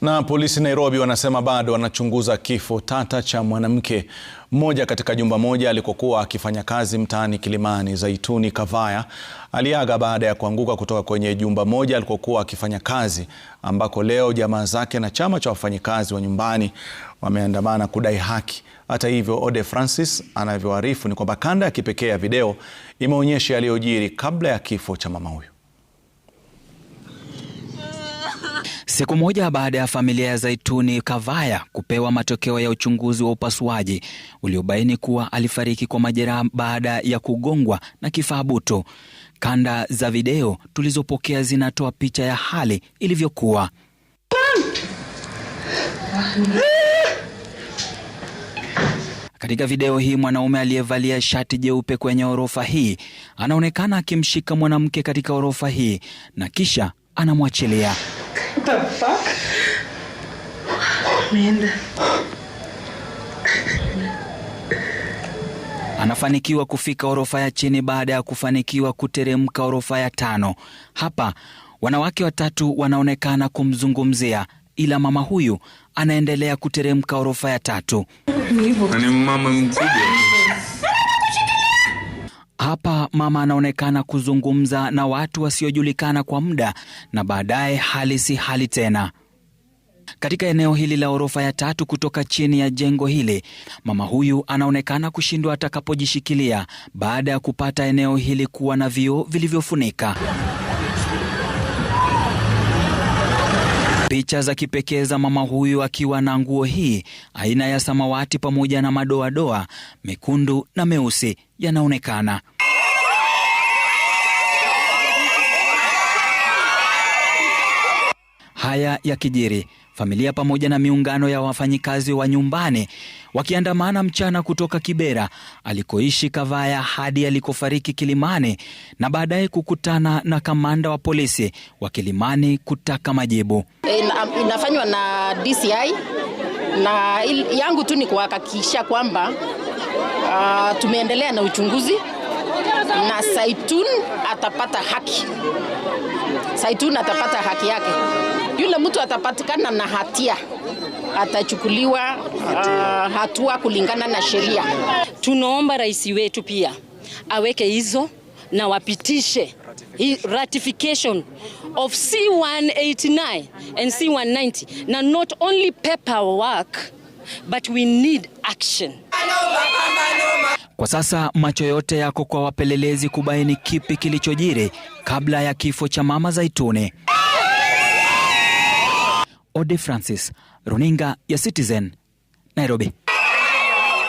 Na polisi Nairobi wanasema bado wanachunguza kifo tata cha mwanamke mmoja katika jumba moja alikokuwa akifanya kazi mtaani Kilimani. Zaituni Kavaya aliaga baada ya kuanguka kutoka kwenye jumba moja alikokuwa akifanya kazi, ambako leo jamaa zake na chama cha wafanyikazi wa nyumbani wameandamana kudai haki. Hata hivyo, Ode Francis anavyoarifu ni kwamba kanda ya kipekee ya video imeonyesha yaliyojiri kabla ya kifo cha mama huyo. Siku moja baada ya familia ya Zaituni Kavaya kupewa matokeo ya uchunguzi wa upasuaji uliobaini kuwa alifariki kwa majeraha baada ya kugongwa na kifaa butu, kanda za video tulizopokea zinatoa picha ya hali ilivyokuwa. Katika video hii mwanaume aliyevalia shati jeupe kwenye orofa hii anaonekana akimshika mwanamke katika orofa hii na kisha anamwachilia. The fuck? Ameenda. Anafanikiwa kufika orofa ya chini baada ya kufanikiwa kuteremka orofa ya tano. Hapa wanawake watatu wanaonekana kumzungumzia, ila mama huyu anaendelea kuteremka orofa ya tatu. Ni mama mzigo. Hapa mama anaonekana kuzungumza na watu wasiojulikana kwa muda na baadaye hali si hali tena. Katika eneo hili la orofa ya tatu kutoka chini ya jengo hili, mama huyu anaonekana kushindwa atakapojishikilia baada ya kupata eneo hili kuwa na vioo vilivyofunika. Picha za kipekee za mama huyu akiwa na nguo hii aina ya samawati pamoja na madoadoa mekundu na meusi yanaonekana. Haya ya kijiri familia pamoja na miungano ya wafanyikazi wa nyumbani wakiandamana mchana kutoka Kibera alikoishi Kavaya hadi alikofariki Kilimani na baadaye kukutana na kamanda wa polisi wa Kilimani kutaka majibu. Inafanywa na DCI na yangu tu ni kuhakikisha kwamba uh, tumeendelea na uchunguzi na Saitun atapata haki. Saitun atapata haki yake. Yule mtu atapatikana na hatia atachukuliwa uh, hatua kulingana na sheria. Tunaomba rais wetu pia aweke hizo na wapitishe ratification, of C189 and C190 na not only paperwork but we need action. Kwa sasa macho yote yako kwa wapelelezi kubaini kipi kilichojiri kabla ya kifo cha Mama Zaituni. Ode Francis, Runinga ya Citizen, Nairobi.